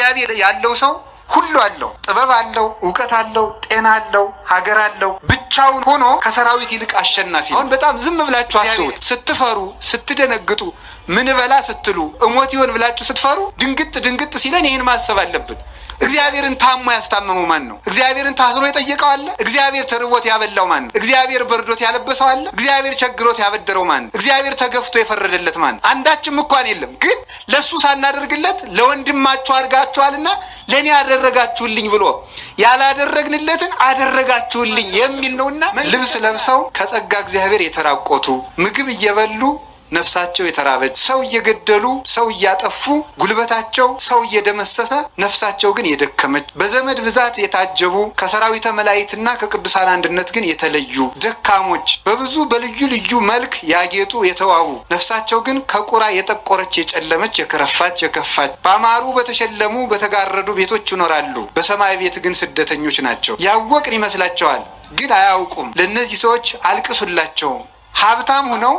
እግዚአብሔር ያለው ሰው ሁሉ አለው። ጥበብ አለው፣ እውቀት አለው፣ ጤና አለው፣ ሀገር አለው። ብቻውን ሆኖ ከሰራዊት ይልቅ አሸናፊ። አሁን በጣም ዝም ብላችሁ አስቡት። ስትፈሩ፣ ስትደነግጡ፣ ምን በላ ስትሉ እሞት ይሆን ብላችሁ ስትፈሩ ድንግጥ ድንግጥ ሲለን ይህን ማሰብ አለብን። እግዚአብሔርን ታሞ ያስታመመው ማን ነው? እግዚአብሔርን ታስሮ የጠየቀው አለ? እግዚአብሔር ተርቦት ያበላው ማን ነው? እግዚአብሔር በርዶት ያለበሰው አለ? እግዚአብሔር ቸግሮት ያበደረው ማን ነው? እግዚአብሔር ተገፍቶ የፈረደለት ማን ነው? አንዳችም እንኳን የለም። ግን ለእሱ ሳናደርግለት ለወንድማችሁ አድርጋችኋልና ለእኔ አደረጋችሁልኝ ብሎ ያላደረግንለትን አደረጋችሁልኝ የሚል ነውና ልብስ ለብሰው ከጸጋ እግዚአብሔር የተራቆቱ ምግብ እየበሉ ነፍሳቸው የተራበች ሰው እየገደሉ ሰው እያጠፉ ጉልበታቸው ሰው እየደመሰሰ ነፍሳቸው ግን የደከመች በዘመድ ብዛት የታጀቡ ከሰራዊተ መላእክትና ከቅዱሳን አንድነት ግን የተለዩ ደካሞች በብዙ በልዩ ልዩ መልክ ያጌጡ የተዋቡ ነፍሳቸው ግን ከቁራ የጠቆረች የጨለመች የከረፋች የከፋች በአማሩ በተሸለሙ በተጋረዱ ቤቶች ይኖራሉ። በሰማይ ቤት ግን ስደተኞች ናቸው። ያወቅን ይመስላቸዋል፣ ግን አያውቁም። ለእነዚህ ሰዎች አልቅሱላቸውም ሀብታም ሆነው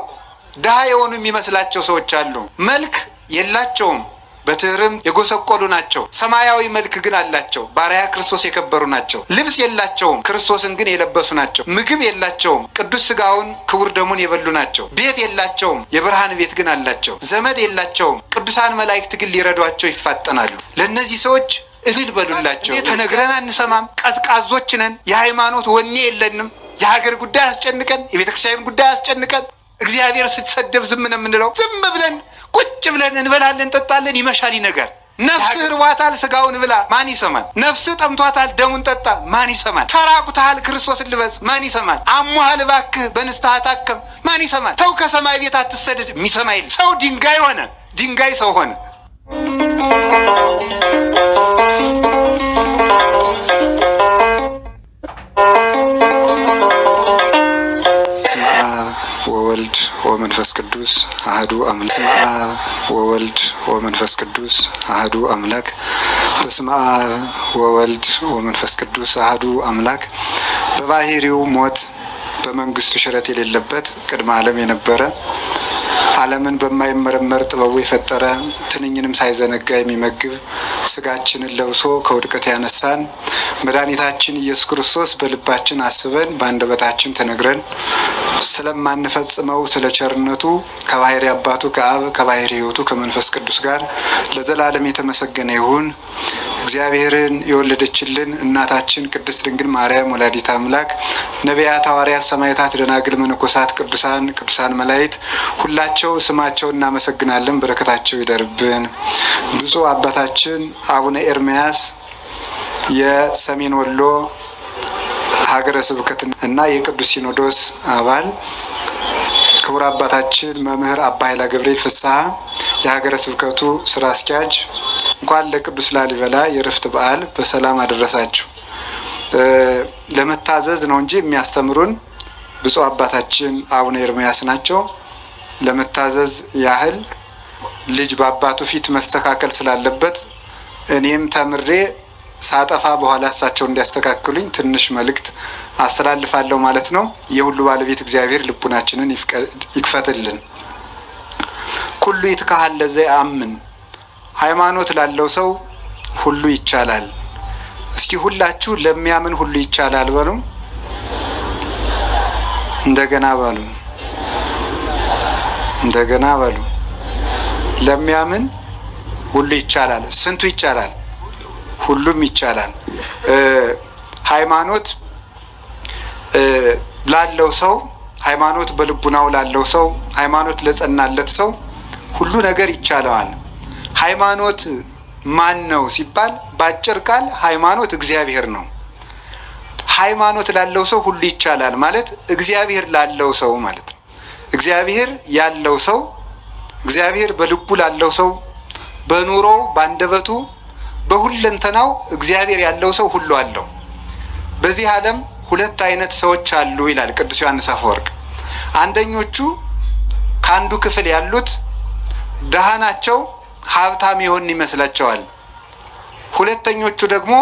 ድሃ የሆኑ የሚመስላቸው ሰዎች አሉ። መልክ የላቸውም፣ በትህርም የጎሰቆሉ ናቸው። ሰማያዊ መልክ ግን አላቸው፣ ባሪያ ክርስቶስ የከበሩ ናቸው። ልብስ የላቸውም፣ ክርስቶስን ግን የለበሱ ናቸው። ምግብ የላቸውም፣ ቅዱስ ስጋውን ክቡር ደሙን የበሉ ናቸው። ቤት የላቸውም፣ የብርሃን ቤት ግን አላቸው። ዘመድ የላቸውም፣ ቅዱሳን መላእክት ግን ሊረዷቸው ይፋጠናሉ። ለእነዚህ ሰዎች እልል በሉላቸው። ተነግረን አንሰማም፣ ቀዝቃዞች ነን፣ የሃይማኖት ወኔ የለንም፣ የሀገር ጉዳይ አስጨንቀን፣ የቤተክርስቲያን ጉዳይ አስጨንቀን እግዚአብሔር ስትሰደብ ዝም ነው የምንለው። ዝም ብለን ቁጭ ብለን እንበላለን፣ እንጠጣለን፣ ይመሻል፣ ይነጋል። ነፍስ እርቧታል ስጋውን ብላ፣ ማን ይሰማል? ነፍስ ጠምቷታል፣ ደሙን ጠጣ፣ ማን ይሰማል? ተራቁተሃል፣ ክርስቶስን ልበስ፣ ማን ይሰማል? አሟሃል፣ እባክህ በንስሐ ታከም፣ ማን ይሰማል? ሰው ከሰማይ ቤት አትሰደድ፣ የሚሰማ ሰው ድንጋይ ሆነ፣ ድንጋይ ሰው ሆነ። ወወልድ ወመንፈስ ቅዱስ አህዱ አምላክ። በስመ አብ ወወልድ ወመንፈስ ቅዱስ አህዱ አምላክ። በስመ አብ ወወልድ ወመንፈስ ቅዱስ አህዱ አምላክ። በባህሪው ሞት በመንግስቱ ሽረት የሌለበት ቅድመ ዓለም የነበረ ዓለምን በማይመረመር ጥበቡ የፈጠረ ትንኝንም ሳይዘነጋ የሚመግብ ስጋችንን ለብሶ ከውድቀት ያነሳን መድኃኒታችን ኢየሱስ ክርስቶስ በልባችን አስበን በአንደበታችን ተነግረን ስለማንፈጽመው ስለ ቸርነቱ ከባህሪ አባቱ ከአብ ከባህሪ ሕይወቱ ከመንፈስ ቅዱስ ጋር ለዘላለም የተመሰገነ ይሁን። እግዚአብሔርን የወለደችልን እናታችን ቅድስት ድንግል ማርያም ወላዲት አምላክ፣ ነቢያት፣ ሐዋርያት፣ ሰማዕታት፣ ደናግል፣ መነኮሳት፣ ቅዱሳን ቅዱሳን መላእክት ሁላቸው ስማቸው እናመሰግናለን። በረከታቸው ይደርብን። ብፁዕ አባታችን አቡነ ኤርምያስ የሰሜን ወሎ ሀገረ ስብከት እና የቅዱስ ሲኖዶስ አባል ክቡር አባታችን መምህር አባ ኃይለ ገብርኤል ፍስሐ የሀገረ ስብከቱ ስራ አስኪያጅ እንኳን ለቅዱስ ላሊበላ የእረፍት በዓል በሰላም አደረሳችሁ። ለመታዘዝ ነው እንጂ የሚያስተምሩን ብፁዕ አባታችን አቡነ ኤርምያስ ናቸው። ለመታዘዝ ያህል ልጅ በአባቱ ፊት መስተካከል ስላለበት እኔም ተምሬ ሳጠፋ በኋላ እሳቸው እንዲያስተካክሉኝ ትንሽ መልእክት አስተላልፋለሁ ማለት ነው። የሁሉ ባለቤት እግዚአብሔር ልቡናችንን ይክፈትልን። ኩሉ ይትካሃል ለዘ አምን ሃይማኖት ላለው ሰው ሁሉ ይቻላል። እስኪ ሁላችሁ ለሚያምን ሁሉ ይቻላል በሉ። እንደገና በሉ። እንደገና በሉ። ለሚያምን ሁሉ ይቻላል። ስንቱ ይቻላል? ሁሉም ይቻላል። ሃይማኖት ላለው ሰው ሃይማኖት በልቡናው ላለው ሰው ሃይማኖት ለጸናለት ሰው ሁሉ ነገር ይቻለዋል። ሃይማኖት ማን ነው ሲባል በአጭር ቃል ሃይማኖት እግዚአብሔር ነው። ሃይማኖት ላለው ሰው ሁሉ ይቻላል ማለት እግዚአብሔር ላለው ሰው ማለት ነው። እግዚአብሔር ያለው ሰው እግዚአብሔር በልቡ ላለው ሰው በኑሮ በአንደበቱ በሁለንተናው እግዚአብሔር ያለው ሰው ሁሉ አለው። በዚህ ዓለም ሁለት አይነት ሰዎች አሉ ይላል ቅዱስ ዮሐንስ አፈወርቅ። አንደኞቹ ከአንዱ ክፍል ያሉት ደሃ ናቸው፣ ሀብታም የሆን ይመስላቸዋል። ሁለተኞቹ ደግሞ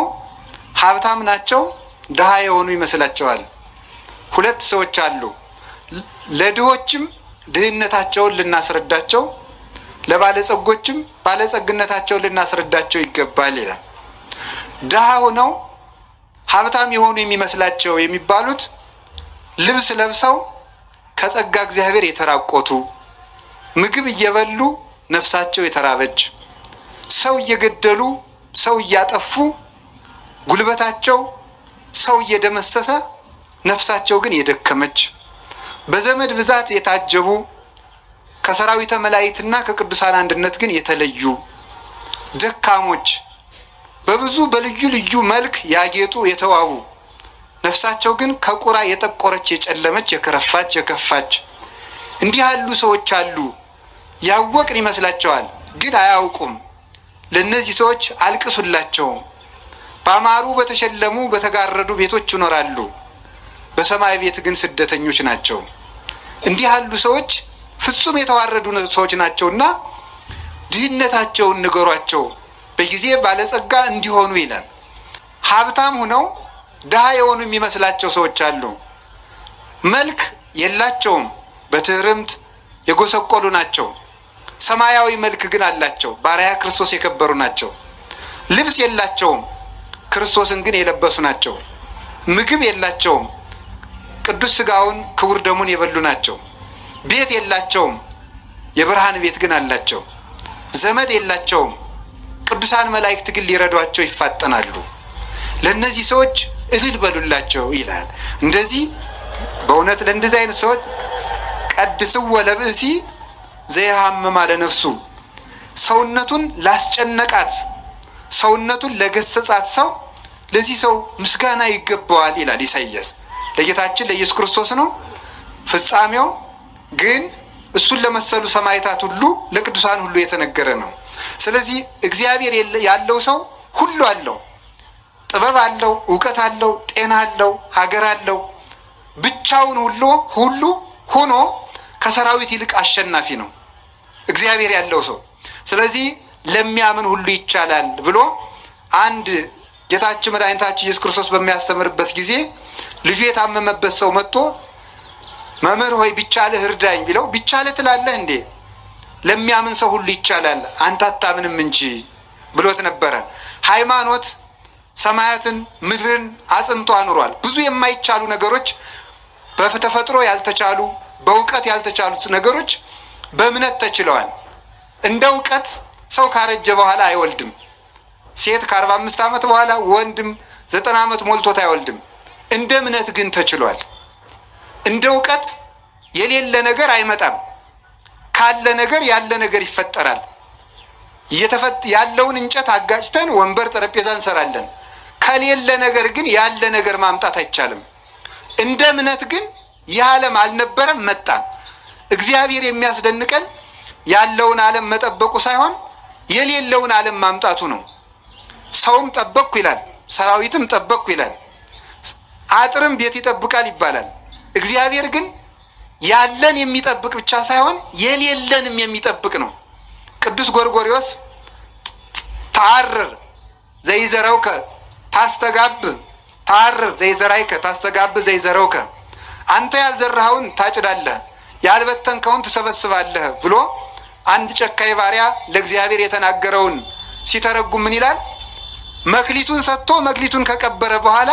ሀብታም ናቸው፣ ደሃ የሆኑ ይመስላቸዋል። ሁለት ሰዎች አሉ። ለድሆችም ድህነታቸውን ልናስረዳቸው ለባለጸጎችም ባለጸግነታቸው ልናስረዳቸው ይገባል ይላል። ድሀ ሆነው ሀብታም የሆኑ የሚመስላቸው የሚባሉት ልብስ ለብሰው ከጸጋ እግዚአብሔር የተራቆቱ ምግብ እየበሉ ነፍሳቸው የተራበች ሰው እየገደሉ ሰው እያጠፉ ጉልበታቸው ሰው እየደመሰሰ ነፍሳቸው ግን የደከመች በዘመድ ብዛት የታጀቡ ከሰራዊተ መላእክትና ከቅዱሳን አንድነት ግን የተለዩ ደካሞች፣ በብዙ በልዩ ልዩ መልክ ያጌጡ የተዋቡ ነፍሳቸው ግን ከቁራ የጠቆረች የጨለመች የከረፋች የከፋች እንዲህ ያሉ ሰዎች አሉ። ያወቅን ይመስላቸዋል፣ ግን አያውቁም። ለእነዚህ ሰዎች አልቅሱላቸውም። በአማሩ በተሸለሙ በተጋረዱ ቤቶች ይኖራሉ፣ በሰማይ ቤት ግን ስደተኞች ናቸው። እንዲህ ያሉ ሰዎች ፍጹም የተዋረዱ ሰዎች ናቸውና ድህነታቸውን ንገሯቸው በጊዜ ባለጸጋ እንዲሆኑ ይላል። ሀብታም ሆነው ድሃ የሆኑ የሚመስላቸው ሰዎች አሉ። መልክ የላቸውም፣ በትህርምት የጎሰቆሉ ናቸው። ሰማያዊ መልክ ግን አላቸው፣ በአርአያ ክርስቶስ የከበሩ ናቸው። ልብስ የላቸውም፣ ክርስቶስን ግን የለበሱ ናቸው። ምግብ የላቸውም፣ ቅዱስ ስጋውን ክቡር ደሙን የበሉ ናቸው። ቤት የላቸውም፣ የብርሃን ቤት ግን አላቸው። ዘመድ የላቸውም፣ ቅዱሳን መላእክት ግን ሊረዷቸው ይፋጠናሉ። ለእነዚህ ሰዎች እልል በሉላቸው ይላል። እንደዚህ በእውነት ለእንደዚህ አይነት ሰዎች ቀድስዎ ለብእሲ ዘየሃምም አለ ነፍሱ ሰውነቱን ላስጨነቃት ሰውነቱን ለገሰጻት ሰው ለዚህ ሰው ምስጋና ይገባዋል ይላል ኢሳይያስ። ለጌታችን ለኢየሱስ ክርስቶስ ነው ፍጻሜው። ግን እሱን ለመሰሉ ሰማዕታት ሁሉ ለቅዱሳን ሁሉ የተነገረ ነው። ስለዚህ እግዚአብሔር ያለው ሰው ሁሉ አለው። ጥበብ አለው፣ እውቀት አለው፣ ጤና አለው፣ ሀገር አለው። ብቻውን ሁሉ ሁሉ ሆኖ ከሰራዊት ይልቅ አሸናፊ ነው እግዚአብሔር ያለው ሰው። ስለዚህ ለሚያምን ሁሉ ይቻላል ብሎ አንድ ጌታችን መድኃኒታችን ኢየሱስ ክርስቶስ በሚያስተምርበት ጊዜ ልጁ የታመመበት ሰው መጥቶ መምህር ሆይ ቢቻልህ እርዳኝ ቢለው ቢቻልህ ትላለህ እንዴ? ለሚያምን ሰው ሁሉ ይቻላል፣ አንተ አታምንም እንጂ ብሎት ነበረ። ሃይማኖት ሰማያትን ምድርን አጽንቶ አኑሯል። ብዙ የማይቻሉ ነገሮች በተፈጥሮ ያልተቻሉ በእውቀት ያልተቻሉት ነገሮች በእምነት ተችለዋል። እንደ እውቀት ሰው ካረጀ በኋላ አይወልድም። ሴት ከአርባ አምስት ዓመት በኋላ ወንድም ዘጠና ዓመት ሞልቶት አይወልድም። እንደ እምነት ግን ተችሏል። እንደ እውቀት የሌለ ነገር አይመጣም። ካለ ነገር ያለ ነገር ይፈጠራል። ያለውን እንጨት አጋጭተን ወንበር፣ ጠረጴዛ እንሰራለን። ከሌለ ነገር ግን ያለ ነገር ማምጣት አይቻልም። እንደ እምነት ግን ይህ ዓለም አልነበረም፣ መጣ። እግዚአብሔር የሚያስደንቀን ያለውን ዓለም መጠበቁ ሳይሆን የሌለውን ዓለም ማምጣቱ ነው። ሰውም ጠበቅኩ ይላል፣ ሰራዊትም ጠበቅኩ ይላል፣ አጥርም ቤት ይጠብቃል ይባላል። እግዚአብሔር ግን ያለን የሚጠብቅ ብቻ ሳይሆን የሌለንም የሚጠብቅ ነው። ቅዱስ ጎርጎሪዎስ ታርር ዘይዘረውከ ታስተጋብ ታርር ዘይዘራይከ ታስተጋብ ዘይዘረውከ አንተ ያልዘራኸውን ታጭዳለህ፣ ያልበተንከውን ትሰበስባለህ ብሎ አንድ ጨካኝ ባሪያ ለእግዚአብሔር የተናገረውን ሲተረጉም ምን ይላል? መክሊቱን ሰጥቶ መክሊቱን ከቀበረ በኋላ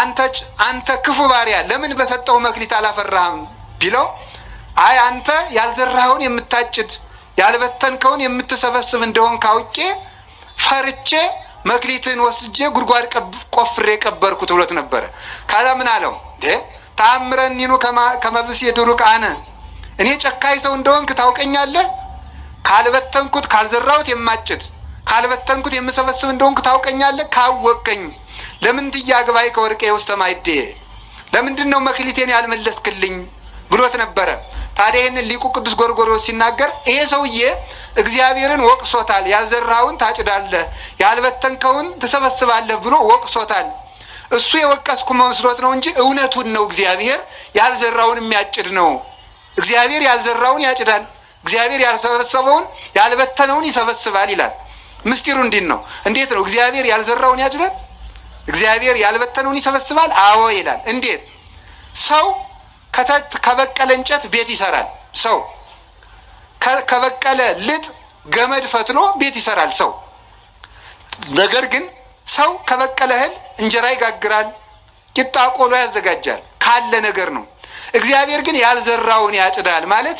አንተ ክፉ ባሪያ ለምን በሰጠው መክሊት አላፈራህም ቢለው አይ አንተ ያልዘራኸውን የምታጭድ ያልበተንከውን የምትሰበስብ እንደሆን ካውቄ ፈርቼ መክሊትን ወስጄ ጉድጓድ ቆፍሬ የቀበርኩት ብሎት ነበረ። ከዛ ምን አለው ተአምረን ኒኑ ከመብስ የድሩቅ አነ እኔ ጨካኝ ሰው እንደሆንክ ታውቀኛለህ። ካልበተንኩት ካልዘራሁት የማጭድ ካልበተንኩት የምሰበስብ እንደሆንክ ታውቀኛለህ። ካወቀኝ ለምን ትያግባይ ከወርቄ ውስጥ ማይዴ ለምንድን ነው መክሊቴን ያልመለስክልኝ ብሎት ነበረ። ታዲያ ይህንን ሊቁ ቅዱስ ጎርጎርዮስ ሲናገር ይሄ ሰውዬ እግዚአብሔርን ወቅሶታል። ያልዘራኸውን ታጭዳለህ፣ ያልበተንከውን ትሰበስባለህ ብሎ ወቅሶታል። እሱ የወቀስኩ መስሎት ነው እንጂ እውነቱን ነው። እግዚአብሔር ያልዘራውን የሚያጭድ ነው። እግዚአብሔር ያልዘራውን ያጭዳል፣ እግዚአብሔር ያልሰበሰበውን ያልበተነውን ይሰበስባል ይላል። ምስጢሩ እንዲን ነው። እንዴት ነው እግዚአብሔር ያልዘራውን ያጭዳል እግዚአብሔር ያልበተነውን ይሰበስባል። አዎ ይላል። እንዴት? ሰው ከበቀለ እንጨት ቤት ይሰራል። ሰው ከበቀለ ልጥ ገመድ ፈትሎ ቤት ይሰራል። ሰው ነገር ግን ሰው ከበቀለ እህል እንጀራ ይጋግራል፣ ቂጣ ቆሎ ያዘጋጃል። ካለ ነገር ነው። እግዚአብሔር ግን ያልዘራውን ያጭዳል። ማለት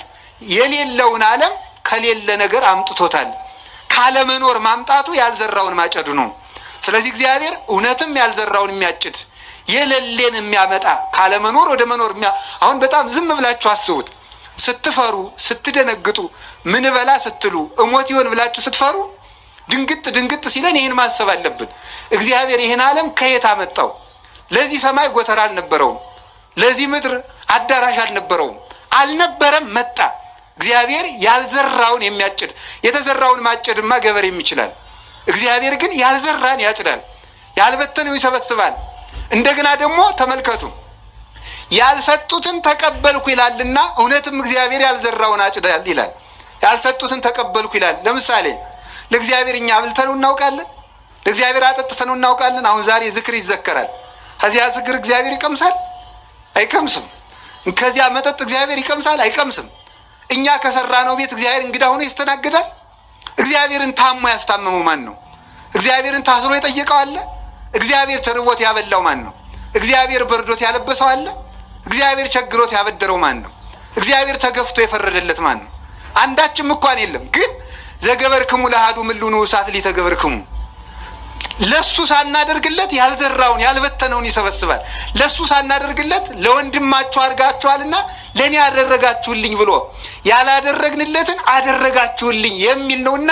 የሌለውን ዓለም ከሌለ ነገር አምጥቶታል። ካለመኖር ማምጣቱ ያልዘራውን ማጨዱ ነው። ስለዚህ እግዚአብሔር እውነትም ያልዘራውን የሚያጭድ የሌለን የሚያመጣ ካለመኖር ወደ መኖር አሁን በጣም ዝም ብላችሁ አስቡት። ስትፈሩ ስትደነግጡ፣ ምን በላ ስትሉ እሞት ይሆን ብላችሁ ስትፈሩ ድንግጥ ድንግጥ ሲለን ይህን ማሰብ አለብን። እግዚአብሔር ይህን ዓለም ከየት አመጣው? ለዚህ ሰማይ ጎተራ አልነበረውም። ለዚህ ምድር አዳራሽ አልነበረውም። አልነበረም፣ መጣ። እግዚአብሔር ያልዘራውን የሚያጭድ የተዘራውን ማጨድማ ገበሬም ይችላል። እግዚአብሔር ግን ያልዘራን ያጭዳል፣ ያልበተነው ይሰበስባል። እንደገና ደግሞ ተመልከቱ ያልሰጡትን ተቀበልኩ ይላልና እውነትም እግዚአብሔር ያልዘራውን አጭዳል ይላል። ያልሰጡትን ተቀበልኩ ይላል። ለምሳሌ ለእግዚአብሔር እኛ አብልተነው እናውቃለን፣ ለእግዚአብሔር አጠጥተነው እናውቃለን። አሁን ዛሬ ዝክር ይዘከራል። ከዚያ ዝክር እግዚአብሔር ይቀምሳል? አይቀምስም። ከዚያ መጠጥ እግዚአብሔር ይቀምሳል? አይቀምስም። እኛ ከሰራ ነው ቤት እግዚአብሔር እንግዳ ሆኖ ይስተናግዳል? እግዚአብሔርን ታሞ ያስታመመው ማን ነው? እግዚአብሔርን ታስሮ የጠየቀው አለ? እግዚአብሔር ተርቦት ያበላው ማን ነው? እግዚአብሔር በርዶት ያለበሰው አለ? እግዚአብሔር ቸግሮት ያበደረው ማን ነው? እግዚአብሔር ተገፍቶ የፈረደለት ማን ነው? አንዳችም እንኳን የለም። ግን ዘገበርክሙ ለአሐዱ ምሉ ንዑሳት ሊተገበርክሙ ለሱ ሳናደርግለት ያልዘራውን ያልበተነውን ይሰበስባል። ለሱ ሳናደርግለት ለወንድማችሁ አድርጋችኋልና ለእኔ አደረጋችሁልኝ ብሎ ያላደረግንለትን አደረጋችሁልኝ የሚል ነውና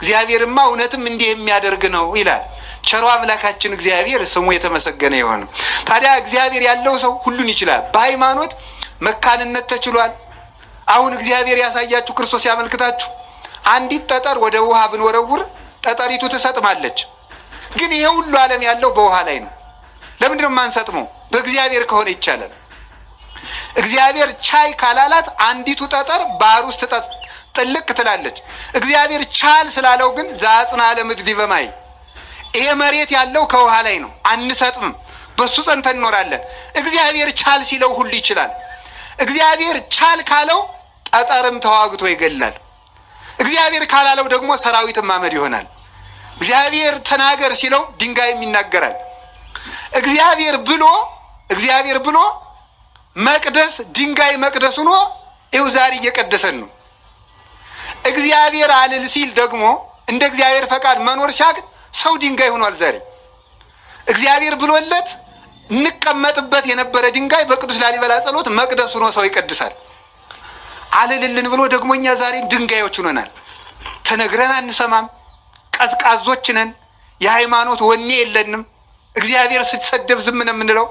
እግዚአብሔርማ እውነትም እንዲህ የሚያደርግ ነው ይላል። ቸሮ አምላካችን እግዚአብሔር ስሙ የተመሰገነ የሆነ ታዲያ እግዚአብሔር ያለው ሰው ሁሉን ይችላል። በሃይማኖት መካንነት ተችሏል። አሁን እግዚአብሔር ያሳያችሁ ክርስቶስ ያመልክታችሁ። አንዲት ጠጠር ወደ ውሃ ብንወረውር ጠጠሪቱ ትሰጥማለች። ግን ይሄ ሁሉ ዓለም ያለው በውሃ ላይ ነው። ለምንድን ነው የማንሰጥመው? በእግዚአብሔር ከሆነ ይቻላል። እግዚአብሔር ቻይ ካላላት አንዲቱ ጠጠር ባህር ውስጥ ጥልቅ ትላለች። እግዚአብሔር ቻል ስላለው ግን ዛጽና ለምድር ዲበ ይሄ መሬት ያለው ከውሃ ላይ ነው። አንሰጥምም፣ በሱ ጸንተን እንኖራለን። እግዚአብሔር ቻል ሲለው ሁሉ ይችላል። እግዚአብሔር ቻል ካለው ጠጠርም ተዋግቶ ይገላል። እግዚአብሔር ካላለው ደግሞ ሰራዊትም ማመድ ይሆናል። እግዚአብሔር ተናገር ሲለው ድንጋይም ይናገራል። እግዚአብሔር ብሎ እግዚአብሔር ብሎ መቅደስ ድንጋይ መቅደስ ሆኖ ይኸው ዛሬ እየቀደሰን ነው። እግዚአብሔር አልል ሲል ደግሞ እንደ እግዚአብሔር ፈቃድ መኖር ሲያቅ ሰው ድንጋይ ሆኗል። ዛሬ እግዚአብሔር ብሎለት እንቀመጥበት የነበረ ድንጋይ በቅዱስ ላሊበላ ጸሎት መቅደስ ሆኖ ሰው ይቀድሳል። አልልልን ብሎ ደግሞ እኛ ዛሬ ድንጋዮች ሆነናል። ተነግረን አንሰማም። ቀዝቃዞች ነን፣ የሃይማኖት ወኔ የለንም፣ እግዚአብሔር ስትሰደብ ዝም ነው የምንለው።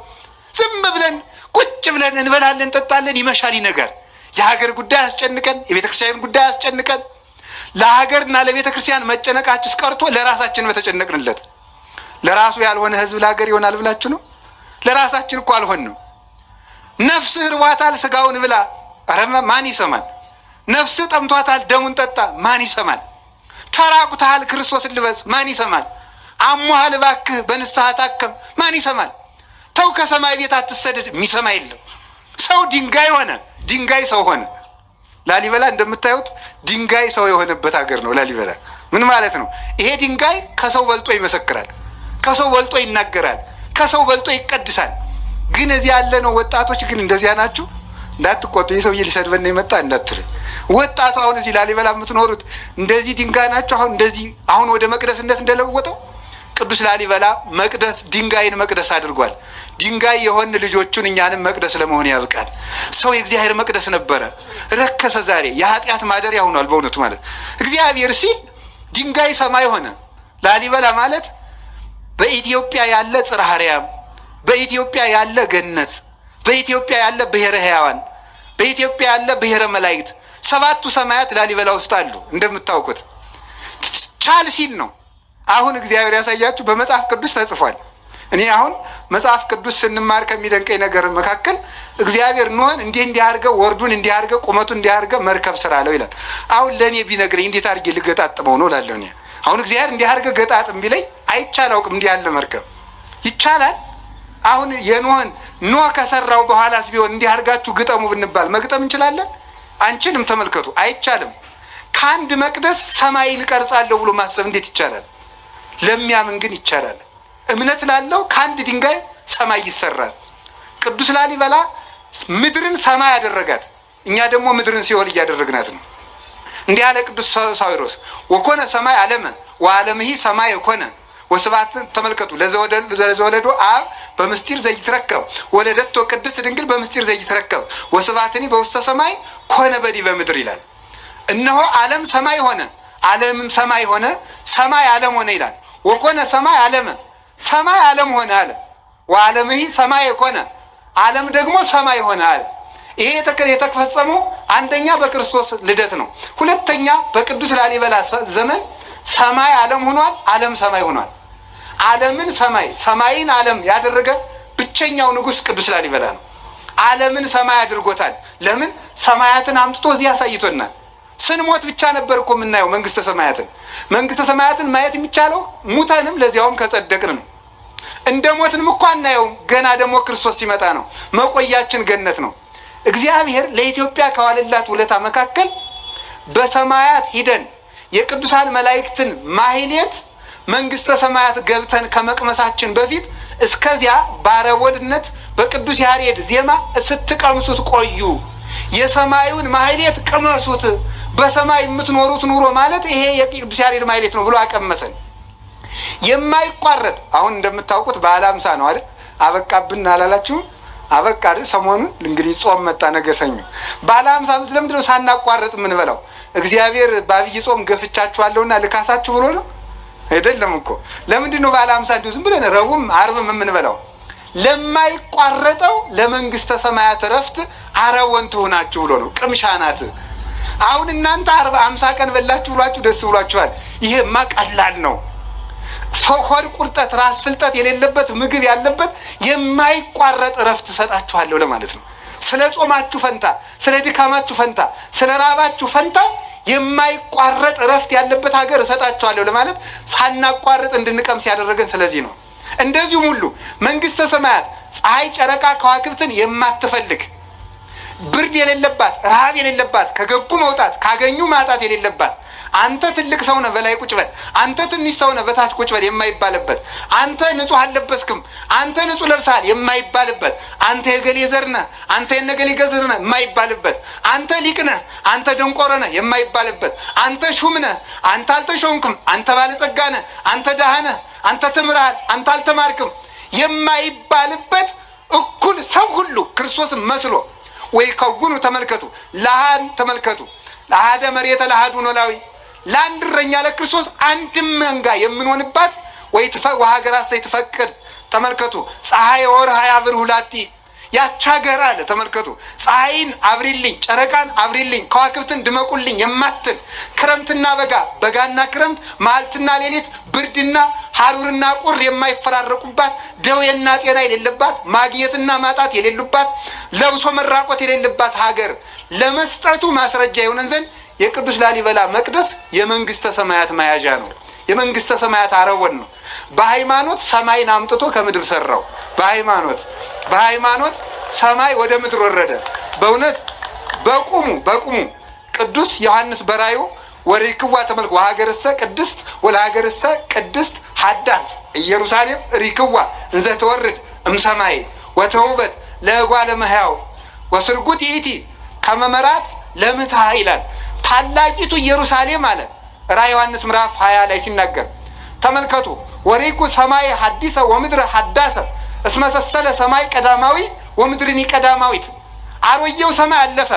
ዝም ብለን ቁጭ ብለን እንበላለን፣ እንጠጣለን፣ ይመሻል፣ ነገር የሀገር ጉዳይ አስጨንቀን፣ የቤተ ክርስቲያን ጉዳይ አስጨንቀን፣ ለሀገርና ለቤተ ክርስቲያን መጨነቃችስ ቀርቶ ለራሳችን በተጨነቅንለት። ለራሱ ያልሆነ ህዝብ ለሀገር ይሆናል ብላችሁ ነው? ለራሳችን እኮ አልሆንም። ነፍስህ ርቧታል፣ ስጋውን ብላ። ኧረ ማን ይሰማል? ነፍስህ ጠምቷታል፣ ደሙን ጠጣ። ማን ይሰማል? ተራቁተሃል፣ ክርስቶስን ልበስ፣ ማን ይሰማል? አሞሃል፣ እባክህ በንስሐ ታከም፣ ማን ይሰማል? ተው፣ ከሰማይ ቤት አትሰደድ፣ የሚሰማ የለም። ሰው ድንጋይ ሆነ፣ ድንጋይ ሰው ሆነ። ላሊበላ እንደምታዩት ድንጋይ ሰው የሆነበት ሀገር ነው። ላሊበላ ምን ማለት ነው? ይሄ ድንጋይ ከሰው በልጦ ይመሰክራል፣ ከሰው በልጦ ይናገራል፣ ከሰው በልጦ ይቀድሳል። ግን እዚህ ያለ ነው ወጣቶች ግን እንደዚያ ናችሁ። እንዳትቆጡ፣ ይህ ሰውዬ ሊሰድበን ነው የመጣ እንዳትል ወጣቱ አሁን እዚህ ላሊበላ የምትኖሩት እንደዚህ ድንጋይ ናቸው። አሁን እንደዚህ አሁን ወደ መቅደስነት እንደለወጠው ቅዱስ ላሊበላ መቅደስ ድንጋይን መቅደስ አድርጓል። ድንጋይ የሆን ልጆቹን እኛንም መቅደስ ለመሆን ያብቃል። ሰው የእግዚአብሔር መቅደስ ነበረ፣ ረከሰ። ዛሬ የኃጢአት ማደሪያ ሆኗል። በእውነቱ ማለት እግዚአብሔር ሲል ድንጋይ ሰማይ ሆነ። ላሊበላ ማለት በኢትዮጵያ ያለ ጽርሐ አርያም፣ በኢትዮጵያ ያለ ገነት፣ በኢትዮጵያ ያለ ብሔረ ሕያዋን፣ በኢትዮጵያ ያለ ብሔረ መላእክት ሰባቱ ሰማያት ላሊበላ ውስጥ አሉ። እንደምታውቁት ቻል ሲል ነው። አሁን እግዚአብሔር ያሳያችሁ በመጽሐፍ ቅዱስ ተጽፏል። እኔ አሁን መጽሐፍ ቅዱስ ስንማር ከሚደንቀኝ ነገር መካከል እግዚአብሔር ኖህን እንዲህ እንዲያርገ ወርዱን እንዲያርገ ቁመቱን እንዲያርገ መርከብ ስራለው ይላል። አሁን ለእኔ ቢነግረኝ እንዴት አድርጌ ልገጣጥመው ነው እላለሁ። እኔ አሁን እግዚአብሔር እንዲህ ገጣጥም ቢለኝ አይቻል አውቅም። እንዲህ ያለ መርከብ ይቻላል። አሁን የኖህን ኖህ ከሰራው በኋላስ ቢሆን እንዲህ ግጠሙ ብንባል መግጠም እንችላለን? አንቺንም ተመልከቱ፣ አይቻልም። ከአንድ መቅደስ ሰማይ ልቀርጻለሁ ብሎ ማሰብ እንዴት ይቻላል? ለሚያምን ግን ይቻላል። እምነት ላለው ከአንድ ድንጋይ ሰማይ ይሰራል። ቅዱስ ላሊበላ ምድርን ሰማይ ያደረጋት፣ እኛ ደግሞ ምድርን ሲኦል እያደረግናት ነው። እንዲህ አለ ቅዱስ ሳዊሮስ ወኮነ ሰማይ አለመ ወአለምሂ ሰማይ ኮነ ወስባትን ተመልከቱ ለዘወለዶ አብ በምስጢር ዘይትረከብ ወለደቶ ቅድስት ድንግል በምስጢር ዘይትረከብ ወስባትኒ በውስተ ሰማይ ኮነ በዲ በምድር ይላል። እነሆ ዓለም ሰማይ ሆነ፣ ዓለምም ሰማይ ሆነ፣ ሰማይ ዓለም ሆነ ይላል። ወኮነ ሰማይ አለም ሰማይ ዓለም ሆነ አለ። ወዓለም ሰማይ የኮነ ዓለም ደግሞ ሰማይ ሆነ አለ። ይሄ የተፈጸመው አንደኛ በክርስቶስ ልደት ነው። ሁለተኛ በቅዱስ ላሊበላ ዘመን ሰማይ ዓለም ሆኗል፣ ዓለም ሰማይ ሆኗል። ዓለምን ሰማይ ሰማይን ዓለም ያደረገ ብቸኛው ንጉሥ ቅዱስ ላሊበላ ነው። ዓለምን ሰማይ አድርጎታል። ለምን? ሰማያትን አምጥቶ እዚህ አሳይቶናል። ስንሞት ብቻ ነበር እኮ የምናየው መንግስተ ሰማያትን። መንግስተ ሰማያትን ማየት የሚቻለው ሙተንም ለዚያውም ከጸደቅን ነው። እንደ ሞትንም እኮ አናየውም። ገና ደግሞ ክርስቶስ ሲመጣ ነው። መቆያችን ገነት ነው። እግዚአብሔር ለኢትዮጵያ ከዋለላት ውለታ መካከል በሰማያት ሂደን የቅዱሳን መላእክትን ማህሌት መንግስተ ሰማያት ገብተን ከመቅመሳችን በፊት እስከዚያ ባረወልነት በቅዱስ ያሬድ ዜማ ስትቀምሱት ቆዩ። የሰማዩን ማህሌት ቅመሱት፣ በሰማይ የምትኖሩት ኑሮ ማለት ይሄ የቅዱስ ያሬድ ማህሌት ነው ብሎ አቀመሰን። የማይቋረጥ አሁን እንደምታውቁት በዓለ ሃምሳ ነው አይደል? አበቃብን አላላችሁም? አበቃ አይደል? ሰሞኑን እንግዲህ ጾም መጣ፣ ነገ ሰኞ። በዓለ ሃምሳ ምት ሳናቋረጥ የምንበላው? እግዚአብሔር በአብይ ጾም ገፍቻችኋለሁና ልካሳችሁ ብሎ ነው። አይደለም እኮ ለምንድን ነው ባለ ሀምሳ ዝም ብለን ረቡም አርብም የምንበላው? ለማይቋረጠው ለመንግስተ ሰማያት እረፍት አረወን ትሆናችሁ ብሎ ነው። ቅምሻ ናት። አሁን እናንተ አርባ ሀምሳ ቀን በላችሁ ብሏችሁ ደስ ብሏችኋል። ይሄማ ቀላል ነው። ሆድ ቁርጠት፣ ራስ ፍልጠት የሌለበት ምግብ ያለበት የማይቋረጥ እረፍት እሰጣችኋለሁ ለማለት ነው። ስለ ጾማችሁ ፈንታ፣ ስለ ድካማችሁ ፈንታ፣ ስለ ራባችሁ ፈንታ የማይቋረጥ እረፍት ያለበት ሀገር እሰጣቸዋለሁ ለማለት ሳናቋርጥ እንድንቀምስ ያደረገን ስለዚህ ነው። እንደዚሁም ሁሉ መንግስተ ሰማያት ፀሐይ፣ ጨረቃ፣ ከዋክብትን የማትፈልግ ብርድ የሌለባት፣ ረሃብ የሌለባት፣ ከገቡ መውጣት ካገኙ ማጣት የሌለባት አንተ ትልቅ ሰው ነህ በላይ ቁጭ በል፣ አንተ ትንሽ ሰው ነህ በታች ቁጭ በል የማይባልበት፣ አንተ ንጹህ አልለበስክም፣ አንተ ንጹህ ለብሰሃል የማይባልበት፣ አንተ የገሌ ዘር ነህ፣ አንተ የነገሌ ገዝር ነህ የማይባልበት፣ አንተ ሊቅ ነህ፣ አንተ ደንቆሮ ነህ የማይባልበት፣ አንተ ሹም ነህ፣ አንተ አልተሾምክም፣ አንተ ባለጸጋ ነህ፣ አንተ ድሃ ነህ፣ አንተ ተምረሃል፣ አንተ አልተማርክም የማይባልበት እኩል ሰው ሁሉ ክርስቶስን መስሎ ወይ ከጉኑ ተመልከቱ ለሃን ተመልከቱ ለሃደ መሬተ ለሃዱ ኖላዊ ለአንድ እረኛ ለክርስቶስ አንድም መንጋ የምንሆንባት ወይ ሀገራት አሰይ ትፈቅድ ተመልከቱ ፀሐይ ወርሃ ያብር ሁላቲ ያች ሀገር አለ ተመልከቱ ፀሐይን አብሪልኝ ጨረቃን አብሪልኝ ከዋክብትን ድመቁልኝ የማትል ክረምትና በጋ በጋና ክረምት ማልትና ሌሊት ብርድና ሀሩርና ቁር የማይፈራረቁባት ደዌና ጤና የሌለባት ማግኘትና ማጣት የሌሉባት ለብሶ መራቆት የሌለባት ሀገር ለመስጠቱ ማስረጃ የሆነን ዘንድ የቅዱስ ላሊበላ መቅደስ የመንግስተ ሰማያት መያዣ ነው። የመንግስተ ሰማያት አረወን ነው። በሃይማኖት ሰማይን አምጥቶ ከምድር ሰራው። በሃይማኖት በሃይማኖት ሰማይ ወደ ምድር ወረደ። በእውነት በቁሙ በቁሙ ቅዱስ ዮሐንስ በራዩ ወሪክዋ ተመልክ ወሀገርሰ ቅድስት ወለሀገርሰ ቅድስት ሀዳት ኢየሩሳሌም ሪክዋ እንዘ ተወርድ እምሰማይ ወተውበት ለጓለ መሕያው ወስርጉት ይእቲ ከመመራት ለምታ ይላል ታላቂቱ ኢየሩሳሌም አለ ራ ዮሐንስ ምዕራፍ ሀያ ላይ ሲናገር ተመልከቱ ወሬኩ ሰማይ ሀዲሰ ወምድር ሀዳሰ እስመሰሰለ ሰማይ ቀዳማዊ ወምድርኒ ቀዳማዊት አሮየው ሰማይ አለፈ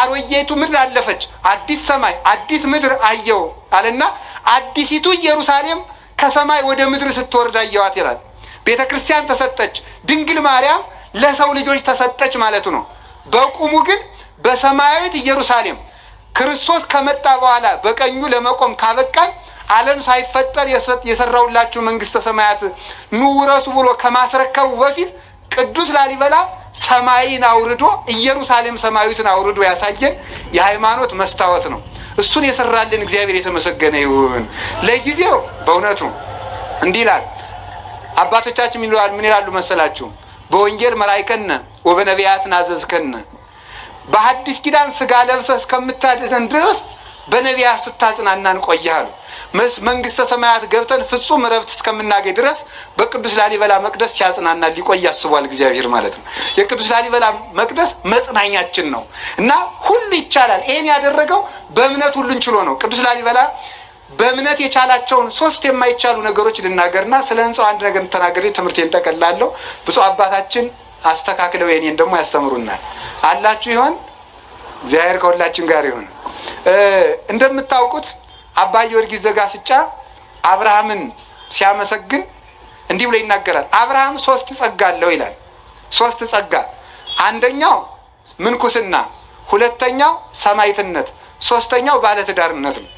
አሮየቱ ምድር አለፈች አዲስ ሰማይ አዲስ ምድር አየው አለና አዲሲቱ ኢየሩሳሌም ከሰማይ ወደ ምድር ስትወርድ አየዋት ይላል ቤተ ክርስቲያን ተሰጠች ድንግል ማርያም ለሰው ልጆች ተሰጠች ማለት ነው በቁሙ ግን በሰማያዊት ኢየሩሳሌም ክርስቶስ ከመጣ በኋላ በቀኙ ለመቆም ካበቃን ዓለም ሳይፈጠር የሰራውላችሁ መንግስተ ሰማያት ኑ ውረሱ ብሎ ከማስረከቡ በፊት ቅዱስ ላሊበላ ሰማይን አውርዶ ኢየሩሳሌም ሰማዊትን አውርዶ ያሳየን የሃይማኖት መስታወት ነው። እሱን የሰራልን እግዚአብሔር የተመሰገነ ይሁን። ለጊዜው በእውነቱ እንዲህ ይላል አባቶቻችን ምን ይላሉ መሰላችሁ? በወንጌል መራይከነ ወበነቢያትን አዘዝከነ በሀዲስ ኪዳን ስጋ ለብሰህ እስከምታድነን ድረስ በነቢያ ስታጽናናን ቆየህ አሉ። መንግስተ ሰማያት ገብተን ፍጹም እረፍት እስከምናገኝ ድረስ በቅዱስ ላሊበላ መቅደስ ሲያጽናናን ሊቆይ አስቧል እግዚአብሔር ማለት ነው። የቅዱስ ላሊበላ መቅደስ መጽናኛችን ነው እና ሁሉ ይቻላል። ይህን ያደረገው በእምነት ሁሉን ችሎ ነው። ቅዱስ ላሊበላ በእምነት የቻላቸውን ሶስት የማይቻሉ ነገሮች ልናገርና ስለ ህንፃው አንድ ነገር ተናገር ትምህርቴን ጠቀላለሁ። ብፁዕ አባታችን አስተካክለው የኔን ደግሞ ያስተምሩናል። አላችሁ ይሆን? እግዚአብሔር ከሁላችን ጋር ይሁን። እንደምታውቁት አባ ጊዮርጊስ ዘጋስጫ አብርሃምን ሲያመሰግን እንዲህ ብሎ ይናገራል። አብርሃም ሶስት ጸጋ አለው ይላል። ሶስት ጸጋ፣ አንደኛው ምንኩስና፣ ሁለተኛው ሰማይትነት፣ ሶስተኛው ባለትዳርነት ነው።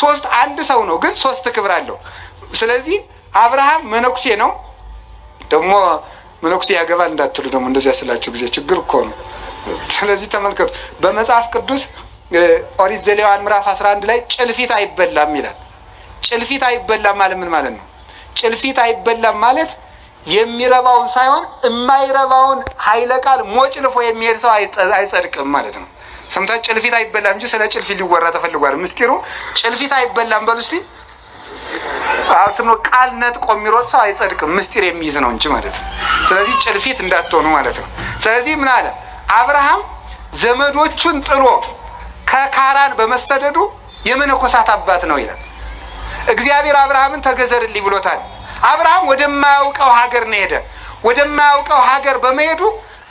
ሶስት አንድ ሰው ነው፣ ግን ሶስት ክብር አለው። ስለዚህ አብርሃም መነኩሴ ነው ደግሞ መነኩሴ ያገባል እንዳትሉ ደግሞ እንደዚያ ስላቸው ጊዜ ችግር እኮ ነው። ስለዚህ ተመልከቱ፣ በመጽሐፍ ቅዱስ ኦሪት ዘሌዋውያን ምዕራፍ 11 ላይ ጭልፊት አይበላም ይላል። ጭልፊት አይበላም ማለት ምን ማለት ነው? ጭልፊት አይበላም ማለት የሚረባውን ሳይሆን የማይረባውን ኃይለ ቃል ሞጭልፎ የሚሄድ ሰው አይጸድቅም ማለት ነው። ሰምታችሁ ጭልፊት አይበላም እንጂ ስለ ጭልፊት ሊወራ ተፈልጓል። ምስጢሩ ጭልፊት አይበላም በሉ እስኪ አብስኖ ቃል ነጥቆ የሚሮጥ ሰው አይጸድቅም፣ ምስጢር የሚይዝ ነው እንጂ ማለት ነው። ስለዚህ ጭልፊት እንዳትሆኑ ማለት ነው። ስለዚህ ምን አለ አብርሃም ዘመዶቹን ጥሎ ከካራን በመሰደዱ የመነኮሳት አባት ነው ይላል። እግዚአብሔር አብርሃምን ተገዘርልኝ ብሎታል። አብርሃም ወደማያውቀው ሀገር ነው ሄደ። ወደማያውቀው ሀገር በመሄዱ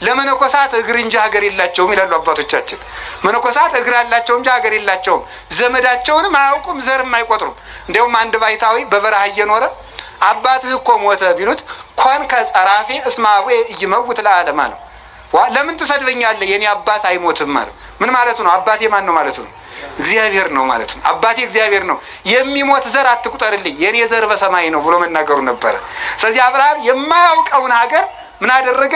ለመነኮሳት እግር እንጂ ሀገር የላቸውም ይላሉ አባቶቻችን። መነኮሳት እግር አላቸው እንጂ ሀገር የላቸውም። ዘመዳቸውንም አያውቁም፣ ዘርም አይቆጥሩም። እንዲያውም አንድ ባይታዊ በበረሃ እየኖረ አባትህ እኮ ሞተ ቢሉት ኳን ከጸራፌ እስማዌ እይመውት ለዓለማ ነው። ለምን ትሰድበኛለህ? የኔ አባት አይሞትም ማለት ምን ማለቱ ነው? አባቴ ማን ነው ማለቱ ነው? እግዚአብሔር ነው ማለት ነው። አባቴ እግዚአብሔር ነው። የሚሞት ዘር አትቁጠርልኝ፣ የኔ ዘር በሰማይ ነው ብሎ መናገሩ ነበረ። ስለዚህ አብርሃም የማያውቀውን ሀገር ምን አደረገ?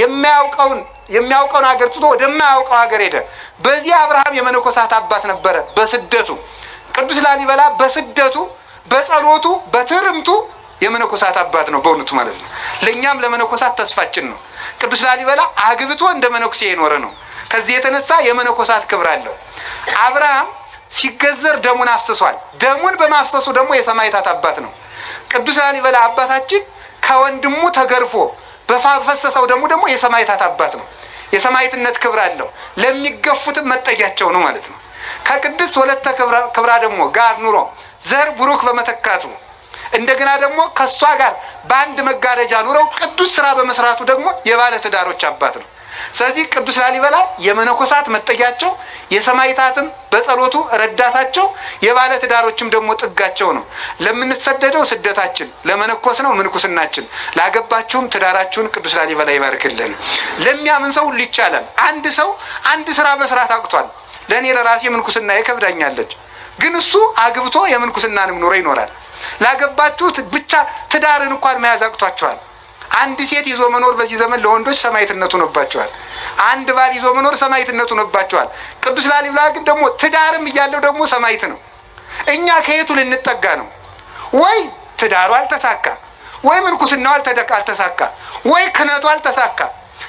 የማያውቀውን የሚያውቀውን ሀገር ትቶ ወደማያውቀው ሀገር ሄደ። በዚህ አብርሃም የመነኮሳት አባት ነበረ። በስደቱ ቅዱስ ላሊበላ በስደቱ በጸሎቱ በትርምቱ የመነኮሳት አባት ነው በእውነቱ ማለት ነው። ለእኛም ለመነኮሳት ተስፋችን ነው። ቅዱስ ላሊበላ አግብቶ እንደ መነኩሴ የኖረ ነው። ከዚህ የተነሳ የመነኮሳት ክብር አለው። አብርሃም ሲገዘር ደሙን አፍስሷል። ደሙን በማፍሰሱ ደግሞ የሰማዕታት አባት ነው። ቅዱስ ላሊበላ አባታችን ከወንድሙ ተገርፎ በፈሰሰው ደግሞ ደግሞ የሰማይታት አባት ነው። የሰማይትነት ክብር አለው። ለሚገፉትም መጠጊያቸው ነው ማለት ነው። ከቅዱስ ወለተ ክብራ ደግሞ ጋር ኑሮ ዘር ቡሩክ በመተካቱ እንደገና ደግሞ ከእሷ ጋር በአንድ መጋረጃ ኑረው ቅዱስ ስራ በመስራቱ ደግሞ የባለ ትዳሮች አባት ነው። ስለዚህ ቅዱስ ላሊበላ የመነኮሳት መጠጊያቸው፣ የሰማይታትም በጸሎቱ ረዳታቸው፣ የባለ ትዳሮችም ደግሞ ጥጋቸው ነው። ለምንሰደደው ስደታችን፣ ለመነኮስ ነው ምንኩስናችን። ላገባችሁም ትዳራችሁን ቅዱስ ላሊበላ ይባርክልን። ለሚያምን ሰው ሁሉ ይቻላል። አንድ ሰው አንድ ስራ መስራት አቅቷል። ለእኔ ለራሴ ምንኩስና ይከብዳኛለች፣ ግን እሱ አግብቶ የምንኩስናንም ኑሮ ይኖራል። ላገባችሁት ብቻ ትዳርን እንኳን መያዝ አቅቷቸዋል። አንድ ሴት ይዞ መኖር በዚህ ዘመን ለወንዶች ሰማይትነት ሆኖባቸዋል። አንድ ባል ይዞ መኖር ሰማዕትነት ሆኖባቸዋል። ቅዱስ ላሊበላ ግን ደግሞ ትዳርም እያለው ደግሞ ሰማይት ነው። እኛ ከየቱ ልንጠጋ ነው? ወይ ትዳሩ አልተሳካ፣ ወይ ምንኩስናው አልተሳካ፣ ወይ ክነቱ አልተሳካ።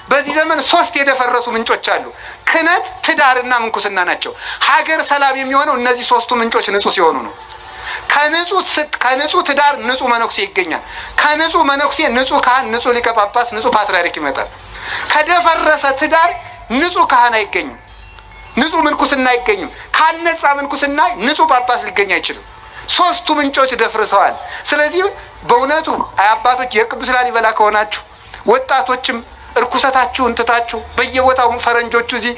በዚህ ዘመን ሶስት የደፈረሱ ምንጮች አሉ። ክነት ትዳርና ምንኩስና ናቸው። ሀገር ሰላም የሚሆነው እነዚህ ሶስቱ ምንጮች ንጹህ ሲሆኑ ነው። ከንጹህ ትዳር ንጹህ መነኩሴ ይገኛል። ከንጹህ መነኩሴ ንጹህ ካህን፣ ንጹህ ሊቀ ጳጳስ፣ ንጹህ ፓትርያርክ ይመጣል። ከደፈረሰ ትዳር ንጹህ ካህን አይገኝም። ንጹህ ምንኩስና አይገኝም። ካነጻ ምንኩስና ንጹህ ጳጳስ ሊገኝ አይችልም። ሶስቱ ምንጮች ደፍርሰዋል። ስለዚህ በእውነቱ አባቶች የቅዱስ ላሊበላ ከሆናችሁ ወጣቶችም እርኩሰታችሁን ትታችሁ በየቦታው ፈረንጆቹ እዚህ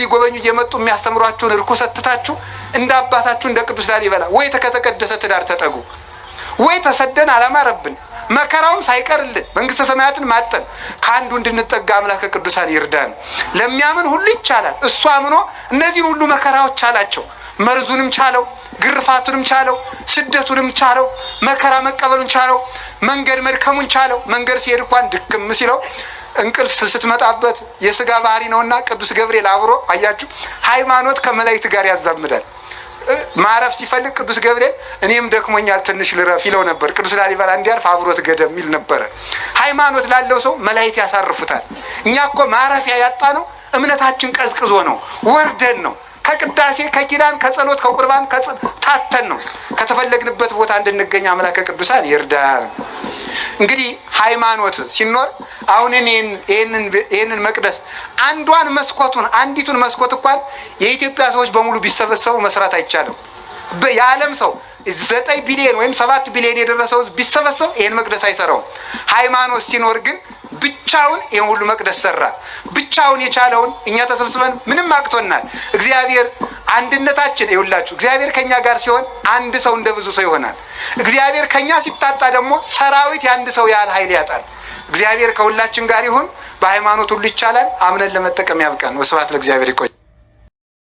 ሊጎበኙ እየመጡ የሚያስተምሯችሁን እርኩሰት ትታችሁ እንደ አባታችሁ እንደ ቅዱስ ላሊበላ ወይ ከተቀደሰ ትዳር ተጠጉ፣ ወይ ተሰደን አላማረብን መከራውም ሳይቀርልን መንግስተ ሰማያትን ማጠን ከአንዱ እንድንጠጋ አምላከ ቅዱሳን ይርዳን። ለሚያምን ሁሉ ይቻላል። እሱ አምኖ እነዚህን ሁሉ መከራዎች አላቸው መርዙንም ቻለው፣ ግርፋቱንም ቻለው፣ ስደቱንም ቻለው፣ መከራ መቀበሉን ቻለው፣ መንገድ መድከሙን ቻለው። መንገድ ሲሄድ እንኳን ድክም ሲለው እንቅልፍ ስትመጣበት የስጋ ባህሪ ነውና ቅዱስ ገብርኤል አብሮ አያችሁ፣ ሃይማኖት ከመላእክት ጋር ያዛምዳል። ማረፍ ሲፈልግ ቅዱስ ገብርኤል እኔም ደክሞኛል ትንሽ ልረፍ ይለው ነበር። ቅዱስ ላሊበላ እንዲያርፍ አብሮት ገደም ይል ነበረ። ሃይማኖት ላለው ሰው መላእክት ያሳርፉታል። እኛ እኮ ማረፊያ ያጣ ነው፣ እምነታችን ቀዝቅዞ ነው፣ ወርደን ነው ከቅዳሴ ከኪዳን ከጸሎት ከቁርባን ታተን ነው። ከተፈለግንበት ቦታ እንድንገኝ አምላከ ቅዱሳን ይርዳል። እንግዲህ ሃይማኖት ሲኖር አሁን ይህንን መቅደስ አንዷን መስኮቱን አንዲቱን መስኮት እንኳን የኢትዮጵያ ሰዎች በሙሉ ቢሰበሰቡ መስራት አይቻልም። የዓለም ሰው ዘጠኝ ቢሊዮን ወይም ሰባት ቢሊዮን የደረሰው ህዝብ ቢሰበሰብ ይህን መቅደስ አይሰራውም። ሃይማኖት ሲኖር ግን ብቻውን ይህን ሁሉ መቅደስ ሰራ። ብቻውን የቻለውን እኛ ተሰብስበን ምንም አቅቶናል። እግዚአብሔር አንድነታችን ይሁላችሁ። እግዚአብሔር ከኛ ጋር ሲሆን አንድ ሰው እንደ ብዙ ሰው ይሆናል። እግዚአብሔር ከኛ ሲታጣ ደግሞ ሰራዊት የአንድ ሰው ያህል ኃይል ያጣል። እግዚአብሔር ከሁላችን ጋር ይሁን። በሃይማኖት ሁሉ ይቻላል። አምነን ለመጠቀም ያብቃን። ወስብሐት ለእግዚአብሔር። ይቆይ